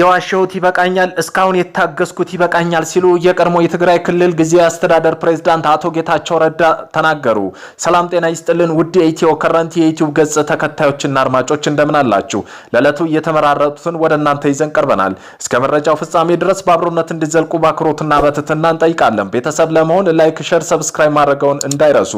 የዋሸሁት ይበቃኛል፣ እስካሁን የታገስኩት ይበቃኛል ሲሉ የቀድሞ የትግራይ ክልል ጊዜያዊ አስተዳደር ፕሬዝዳንት አቶ ጌታቸው ረዳ ተናገሩ። ሰላም ጤና ይስጥልን ውድ የኢትዮ ከረንት የዩቲዩብ ገጽ ተከታዮችና አድማጮች እንደምን አላችሁ? ለዕለቱ እየተመራረጡትን ወደ እናንተ ይዘን ቀርበናል። እስከ መረጃው ፍጻሜ ድረስ በአብሮነት እንዲዘልቁ በአክብሮትና በትህትና እንጠይቃለን። ቤተሰብ ለመሆን ላይክ፣ ሸር፣ ሰብስክራይብ ማድረገውን እንዳይረሱ።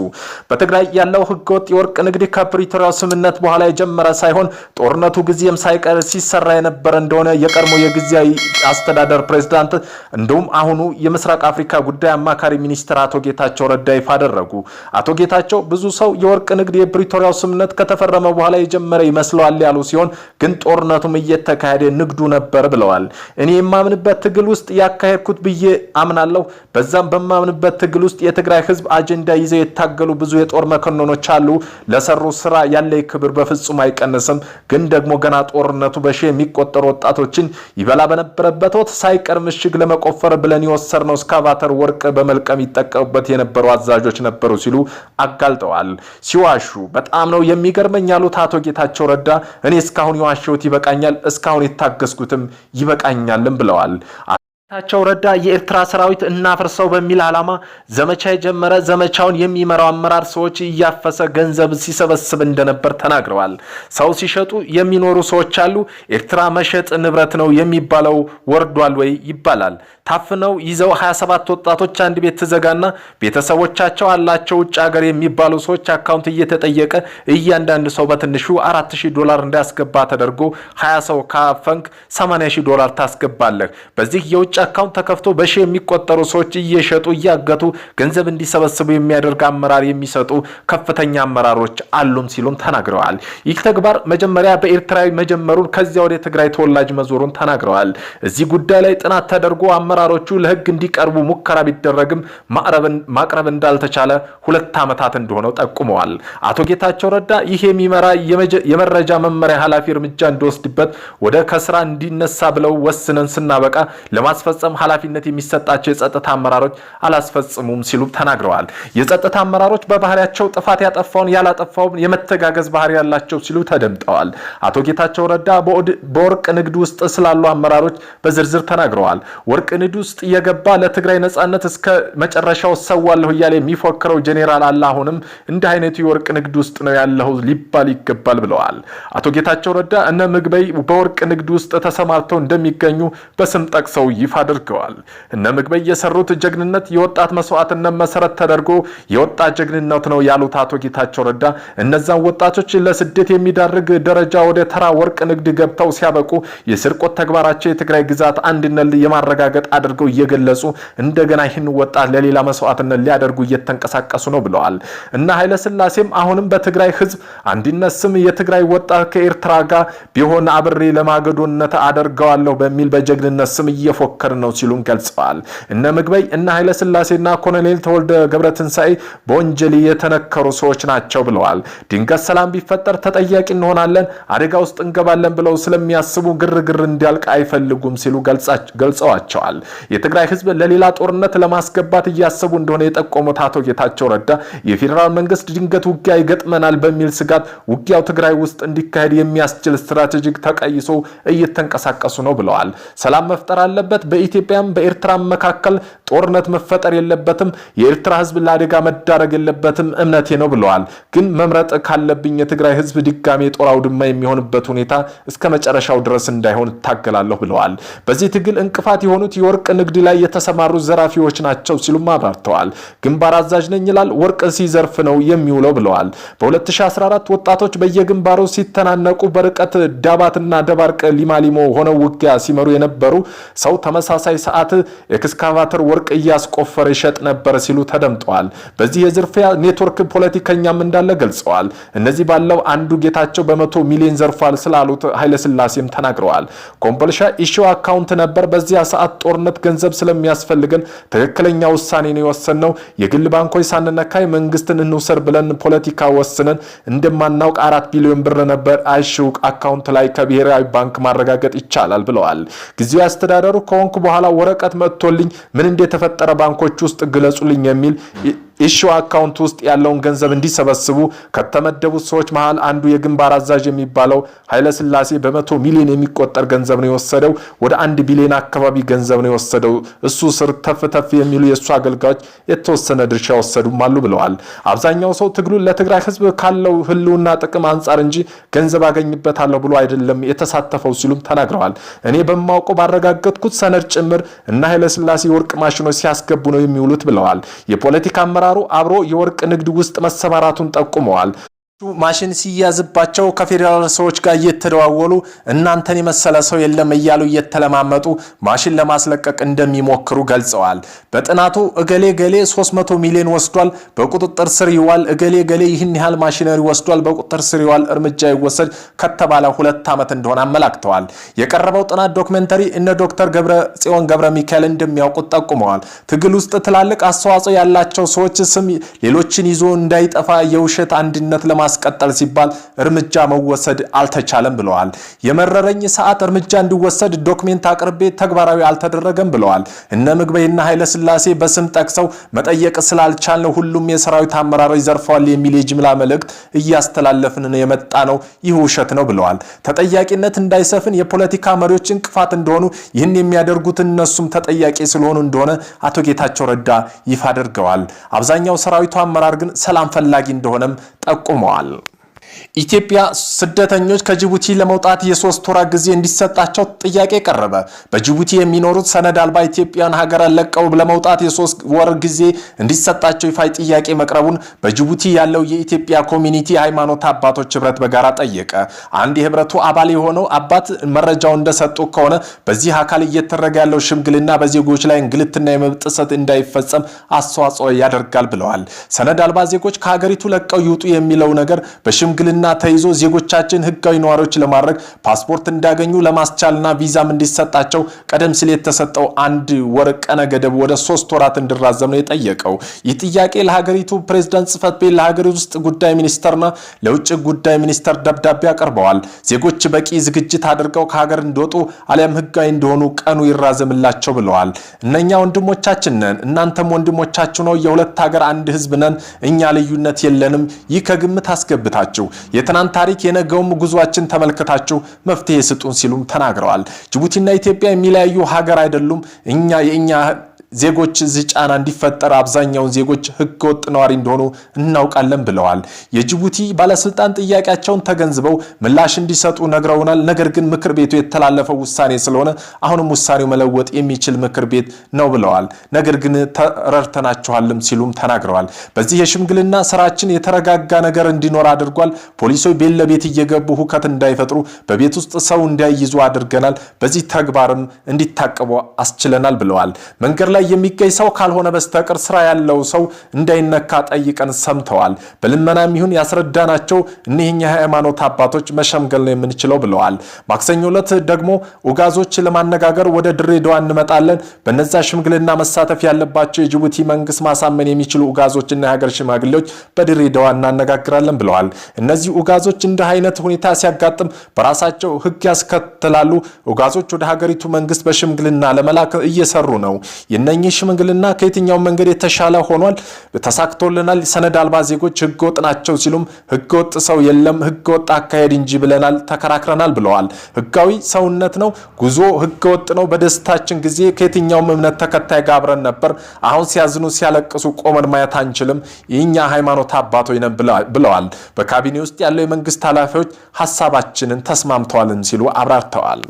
በትግራይ ያለው ህገወጥ የወርቅ ንግድ ከፕሪቶሪያው ስምምነት በኋላ የጀመረ ሳይሆን ጦርነቱ ጊዜም ሳይቀር ሲሰራ የነበረ እንደሆነ የቀድሞ የቀድሞው የጊዜያዊ አስተዳደር ፕሬዝዳንት እንዲሁም አሁኑ የምስራቅ አፍሪካ ጉዳይ አማካሪ ሚኒስትር አቶ ጌታቸው ረዳ ይፋ አደረጉ። አቶ ጌታቸው ብዙ ሰው የወርቅ ንግድ የፕሪቶሪያው ስምምነት ከተፈረመ በኋላ የጀመረ ይመስለዋል ያሉ ሲሆን ግን ጦርነቱም እየተካሄደ ንግዱ ነበር ብለዋል። እኔ የማምንበት ትግል ውስጥ ያካሄድኩት ብዬ አምናለሁ። በዛም በማምንበት ትግል ውስጥ የትግራይ ህዝብ አጀንዳ ይዘው የታገሉ ብዙ የጦር መኮንኖች አሉ። ለሰሩ ስራ ያለ ክብር በፍጹም አይቀንስም። ግን ደግሞ ገና ጦርነቱ በሺ የሚቆጠሩ ወጣቶችን ይበላ በነበረበት ወት ሳይቀር ምሽግ ለመቆፈር ብለን የወሰድነው እስካቫተር ወርቅ በመልቀም ይጠቀሙበት የነበሩ አዛዦች ነበሩ ሲሉ አጋልጠዋል። ሲዋሹ በጣም ነው የሚገርመኝ ያሉት አቶ ጌታቸው ረዳ እኔ እስካሁን የዋሸሁት ይበቃኛል፣ እስካሁን የታገስኩትም ይበቃኛልም ብለዋል። ጌታቸው ረዳ የኤርትራ ሰራዊት እናፍርሰው በሚል ዓላማ ዘመቻ የጀመረ ዘመቻውን የሚመራው አመራር ሰዎች እያፈሰ ገንዘብ ሲሰበስብ እንደነበር ተናግረዋል። ሰው ሲሸጡ የሚኖሩ ሰዎች አሉ። ኤርትራ መሸጥ ንብረት ነው የሚባለው ወርዷል ወይ ይባላል። ታፍነው ይዘው 27 ወጣቶች አንድ ቤት ትዘጋና ቤተሰቦቻቸው አላቸው ውጭ ሀገር የሚባሉ ሰዎች አካውንት እየተጠየቀ እያንዳንድ ሰው በትንሹ 4000 ዶላር እንዳያስገባ ተደርጎ 20 ሰው ካፈንክ 80 ዶላር ታስገባለህ። በዚህ የውጭ አካውንት ተከፍቶ በሺ የሚቆጠሩ ሰዎች እየሸጡ እያገቱ ገንዘብ እንዲሰበስቡ የሚያደርግ አመራር የሚሰጡ ከፍተኛ አመራሮች አሉም ሲሉም ተናግረዋል። ይህ ተግባር መጀመሪያ በኤርትራዊ መጀመሩን ከዚያ ወደ ትግራይ ተወላጅ መዞሩን ተናግረዋል። እዚህ ጉዳይ ላይ ጥናት ተደርጎ አመራሮቹ ለህግ እንዲቀርቡ ሙከራ ቢደረግም ማቅረብ እንዳልተቻለ ሁለት ዓመታት እንደሆነው ጠቁመዋል። አቶ ጌታቸው ረዳ ይህ የሚመራ የመረጃ መመሪያ ኃላፊ እርምጃ እንዲወስድበት ወደ ከስራ እንዲነሳ ብለው ወስነን ስናበቃ ለማስፈ ለማስፈጸም ኃላፊነት የሚሰጣቸው የጸጥታ አመራሮች አላስፈጽሙም ሲሉ ተናግረዋል። የጸጥታ አመራሮች በባህሪያቸው ጥፋት ያጠፋውን ያላጠፋውን የመተጋገዝ ባህሪ ያላቸው ሲሉ ተደምጠዋል። አቶ ጌታቸው ረዳ በወርቅ ንግድ ውስጥ ስላሉ አመራሮች በዝርዝር ተናግረዋል። ወርቅ ንግድ ውስጥ እየገባ ለትግራይ ነጻነት እስከ መጨረሻው ሰዋለሁ እያለ የሚፎክረው ጄኔራል አለ አሁንም እንዲህ አይነቱ የወርቅ ንግድ ውስጥ ነው ያለው ሊባል ይገባል ብለዋል። አቶ ጌታቸው ረዳ እነ ምግበይ በወርቅ ንግድ ውስጥ ተሰማርተው እንደሚገኙ በስም ጠቅሰው ይፋ አድርገዋል። እነ ምግበ የሰሩት ጀግንነት የወጣት መስዋዕትነት መሰረት ተደርጎ የወጣት ጀግንነት ነው ያሉት አቶ ጌታቸው ረዳ እነዛን ወጣቶች ለስደት የሚዳርግ ደረጃ ወደ ተራ ወርቅ ንግድ ገብተው ሲያበቁ የስርቆት ተግባራቸው የትግራይ ግዛት አንድነት የማረጋገጥ አድርገው እየገለጹ እንደገና ይህን ወጣት ለሌላ መስዋዕትነት ሊያደርጉ እየተንቀሳቀሱ ነው ብለዋል። እና ኃይለስላሴም አሁንም በትግራይ ህዝብ አንድነት ስም የትግራይ ወጣት ከኤርትራ ጋር ቢሆን አብሬ ለማገዶነት አደርገዋለሁ በሚል በጀግንነት ስም እየፎከ የሚመክር ነው ሲሉም ገልጸዋል። እነ ምግበይ እነ ኃይለስላሴና ኮሎኔል ተወልደ ገብረትንሳኤ በወንጀል የተነከሩ ሰዎች ናቸው ብለዋል። ድንገት ሰላም ቢፈጠር ተጠያቂ እንሆናለን፣ አደጋ ውስጥ እንገባለን ብለው ስለሚያስቡ ግርግር እንዲያልቅ አይፈልጉም ሲሉ ገልጸዋቸዋል። የትግራይ ህዝብ ለሌላ ጦርነት ለማስገባት እያሰቡ እንደሆነ የጠቆሙት አቶ ጌታቸው ረዳ የፌዴራል መንግስት ድንገት ውጊያ ይገጥመናል በሚል ስጋት ውጊያው ትግራይ ውስጥ እንዲካሄድ የሚያስችል ስትራቴጂክ ተቀይሶ እየተንቀሳቀሱ ነው ብለዋል። ሰላም መፍጠር አለበት። በኢትዮጵያም በኤርትራ መካከል ጦርነት መፈጠር የለበትም፣ የኤርትራ ህዝብ ለአደጋ መዳረግ የለበትም እምነቴ ነው ብለዋል። ግን መምረጥ ካለብኝ የትግራይ ህዝብ ድጋሜ የጦር አውድማ የሚሆንበት ሁኔታ እስከ መጨረሻው ድረስ እንዳይሆን እታገላለሁ ብለዋል። በዚህ ትግል እንቅፋት የሆኑት የወርቅ ንግድ ላይ የተሰማሩ ዘራፊዎች ናቸው ሲሉም አብራርተዋል። ግንባር አዛዥ ነኝ ይላል፣ ወርቅ ሲዘርፍ ነው የሚውለው ብለዋል። በ2014 ወጣቶች በየግንባሩ ሲተናነቁ በርቀት ዳባትና ደባርቅ ሊማሊሞ ሆነው ውጊያ ሲመሩ የነበሩ ሰው በተመሳሳይ ሰዓት ኤክስካቫተር ወርቅ እያስቆፈረ ይሸጥ ነበር ሲሉ ተደምጠዋል። በዚህ የዝርፊያ ኔትወርክ ፖለቲከኛም እንዳለ ገልጸዋል። እነዚህ ባለው አንዱ ጌታቸው በመቶ ሚሊዮን ዘርፏል ስላሉት ኃይለስላሴም ተናግረዋል። ኮምፖልሻ ኢሹ አካውንት ነበር። በዚያ ሰዓት ጦርነት ገንዘብ ስለሚያስፈልገን ትክክለኛ ውሳኔ ነው የወሰንነው። የግል ባንኮች ሳንነካ መንግስትን እንውሰድ ብለን ፖለቲካ ወስነን እንደማናውቅ አራት ቢሊዮን ብር ነበር አይሹ አካውንት ላይ ከብሔራዊ ባንክ ማረጋገጥ ይቻላል ብለዋል። ጊዜው አስተዳደሩ ከሆን ከሆንኩ በኋላ ወረቀት መጥቶልኝ ምን እንደተፈጠረ ባንኮች ውስጥ ግለጹልኝ የሚል ኢሺዋ አካውንት ውስጥ ያለውን ገንዘብ እንዲሰበስቡ ከተመደቡት ሰዎች መሀል አንዱ የግንባር አዛዥ የሚባለው ኃይለስላሴ በመቶ ሚሊዮን የሚቆጠር ገንዘብ ነው የወሰደው። ወደ አንድ ቢሊዮን አካባቢ ገንዘብ ነው የወሰደው። እሱ ስር ተፍ ተፍ የሚሉ የእሱ አገልጋዮች የተወሰነ ድርሻ ወሰዱም አሉ ብለዋል። አብዛኛው ሰው ትግሉን ለትግራይ ህዝብ ካለው ህልውና ጥቅም አንጻር እንጂ ገንዘብ አገኝበታለሁ ብሎ አይደለም የተሳተፈው ሲሉም ተናግረዋል። እኔ በማውቀው ባረጋገጥኩት ሰነድ ጭምር እና ኃይለስላሴ ወርቅ ማሽኖች ሲያስገቡ ነው የሚውሉት ብለዋል። የፖለቲካ አመራር አመራሩ አብሮ የወርቅ ንግድ ውስጥ መሰማራቱን ጠቁመዋል። ማሽን ሲያዝባቸው ከፌዴራል ሰዎች ጋር እየተደዋወሉ እናንተን የመሰለ ሰው የለም እያሉ እየተለማመጡ ማሽን ለማስለቀቅ እንደሚሞክሩ ገልጸዋል። በጥናቱ እገሌ ገሌ 300 ሚሊዮን ወስዷል፣ በቁጥጥር ስር ይዋል፣ እገሌ ገሌ ይህን ያህል ማሽነሪ ወስዷል፣ በቁጥጥር ስር ይዋል፣ እርምጃ ይወሰድ ከተባለ ሁለት ዓመት እንደሆነ አመላክተዋል። የቀረበው ጥናት ዶክመንተሪ እነ ዶክተር ገብረ ጽዮን ገብረ ሚካኤል እንደሚያውቁት ጠቁመዋል። ትግል ውስጥ ትላልቅ አስተዋጽኦ ያላቸው ሰዎች ስም ሌሎችን ይዞ እንዳይጠፋ የውሸት አንድነት ለማ ለማስቀጠል ሲባል እርምጃ መወሰድ አልተቻለም ብለዋል። የመረረኝ ሰዓት እርምጃ እንዲወሰድ ዶክሜንት አቅርቤ ተግባራዊ አልተደረገም ብለዋል። እነ ምግበይና ኃይለስላሴ በስም ጠቅሰው መጠየቅ ስላልቻልነው ሁሉም የሰራዊት አመራሮች ዘርፈዋል የሚል የጅምላ መልእክት እያስተላለፍን የመጣ ነው፣ ይህ ውሸት ነው ብለዋል። ተጠያቂነት እንዳይሰፍን የፖለቲካ መሪዎች እንቅፋት እንደሆኑ ይህን የሚያደርጉት እነሱም ተጠያቂ ስለሆኑ እንደሆነ አቶ ጌታቸው ረዳ ይፋ አድርገዋል። አብዛኛው ሰራዊቱ አመራር ግን ሰላም ፈላጊ እንደሆነም ጠቁመዋል። ኢትዮጵያ ስደተኞች ከጅቡቲ ለመውጣት የሶስት ወራት ጊዜ እንዲሰጣቸው ጥያቄ ቀረበ። በጅቡቲ የሚኖሩት ሰነድ አልባ ኢትዮጵያን ሀገር ለቀው ለመውጣት የሶስት ወር ጊዜ እንዲሰጣቸው ይፋይ ጥያቄ መቅረቡን በጅቡቲ ያለው የኢትዮጵያ ኮሚኒቲ ሃይማኖት አባቶች ህብረት በጋራ ጠየቀ። አንድ የህብረቱ አባል የሆነው አባት መረጃው እንደሰጡ ከሆነ በዚህ አካል እየተደረገ ያለው ሽምግልና በዜጎች ላይ እንግልትና የመብት ጥሰት እንዳይፈጸም አስተዋጽኦ ያደርጋል ብለዋል። ሰነድ አልባ ዜጎች ከሀገሪቱ ለቀው ይውጡ የሚለው ነገር በሽ በሽምግልና ተይዞ ዜጎቻችን ህጋዊ ነዋሪዎች ለማድረግ ፓስፖርት እንዲያገኙ ለማስቻልና ቪዛም እንዲሰጣቸው ቀደም ሲል የተሰጠው አንድ ወር ቀነ ገደብ ወደ ሶስት ወራት እንዲራዘም ነው የጠየቀው። ይህ ጥያቄ ለሀገሪቱ ፕሬዝዳንት ጽህፈት ቤት፣ ለሀገሪቱ ውስጥ ጉዳይ ሚኒስተርና ለውጭ ጉዳይ ሚኒስተር ደብዳቤ አቅርበዋል። ዜጎች በቂ ዝግጅት አድርገው ከሀገር እንዲወጡ አሊያም ህጋዊ እንደሆኑ ቀኑ ይራዘምላቸው ብለዋል። እነኛ ወንድሞቻችን ነን፣ እናንተም ወንድሞቻችሁ ነው። የሁለት ሀገር አንድ ህዝብ ነን። እኛ ልዩነት የለንም። ይህ ከግምት አስገብታቸው ናቸው። የትናንት ታሪክ የነገውም ጉዟችን ተመልክታችሁ መፍትሄ ስጡን ሲሉም ተናግረዋል። ጅቡቲና ኢትዮጵያ የሚለያዩ ሀገር አይደሉም። እኛ የእኛ ዜጎች እዚህ ጫና እንዲፈጠር አብዛኛውን ዜጎች ህገወጥ ነዋሪ እንደሆኑ እናውቃለን ብለዋል። የጅቡቲ ባለስልጣን ጥያቄያቸውን ተገንዝበው ምላሽ እንዲሰጡ ነግረውናል። ነገር ግን ምክር ቤቱ የተላለፈው ውሳኔ ስለሆነ አሁንም ውሳኔው መለወጥ የሚችል ምክር ቤት ነው ብለዋል። ነገር ግን ተረድተናችኋልም ሲሉም ተናግረዋል። በዚህ የሽምግልና ስራችን የተረጋጋ ነገር እንዲኖር አድርጓል። ፖሊሶች ቤት ለቤት እየገቡ ሁከት እንዳይፈጥሩ በቤት ውስጥ ሰው እንዳይይዙ አድርገናል። በዚህ ተግባርም እንዲታቀቡ አስችለናል ብለዋል። መንገድ ላይ የሚገኝ ሰው ካልሆነ በስተቀር ስራ ያለው ሰው እንዳይነካ ጠይቀን ሰምተዋል። በልመናም ይሁን ያስረዳናቸው እኒህኛ ሃይማኖት አባቶች መሸምገል ነው የምንችለው ብለዋል። ማክሰኞ ዕለት ደግሞ ኡጋዞች ለማነጋገር ወደ ድሬዳዋ እንመጣለን። በነዛ ሽምግልና መሳተፍ ያለባቸው የጅቡቲ መንግስት ማሳመን የሚችሉ ኡጋዞችና የሀገር ሽማግሌዎች በድሬዳዋ እናነጋግራለን ብለዋል። እነዚህ ኡጋዞች እንደ አይነት ሁኔታ ሲያጋጥም በራሳቸው ህግ ያስከትላሉ። ኡጋዞች ወደ ሀገሪቱ መንግስት በሽምግልና ለመላክ እየሰሩ ነው። እነኚህ ሽምግልና ከየትኛው መንገድ የተሻለ ሆኗል፣ ተሳክቶልናል፣ ሰነድ አልባ ዜጎች ህገወጥ ናቸው ሲሉም ህገወጥ ሰው የለም ህገወጥ አካሄድ እንጂ ብለናል፣ ተከራክረናል ብለዋል። ህጋዊ ሰውነት ነው፣ ጉዞ ህገወጥ ነው። በደስታችን ጊዜ ከየትኛውም እምነት ተከታይ ጋር አብረን ነበር። አሁን ሲያዝኑ ሲያለቅሱ ቆመን ማየት አንችልም። የኛ ሃይማኖት አባቶች ነን ብለዋል። በካቢኔ ውስጥ ያለው የመንግስት ኃላፊዎች ሀሳባችንን ተስማምተዋልን ሲሉ አብራርተዋል።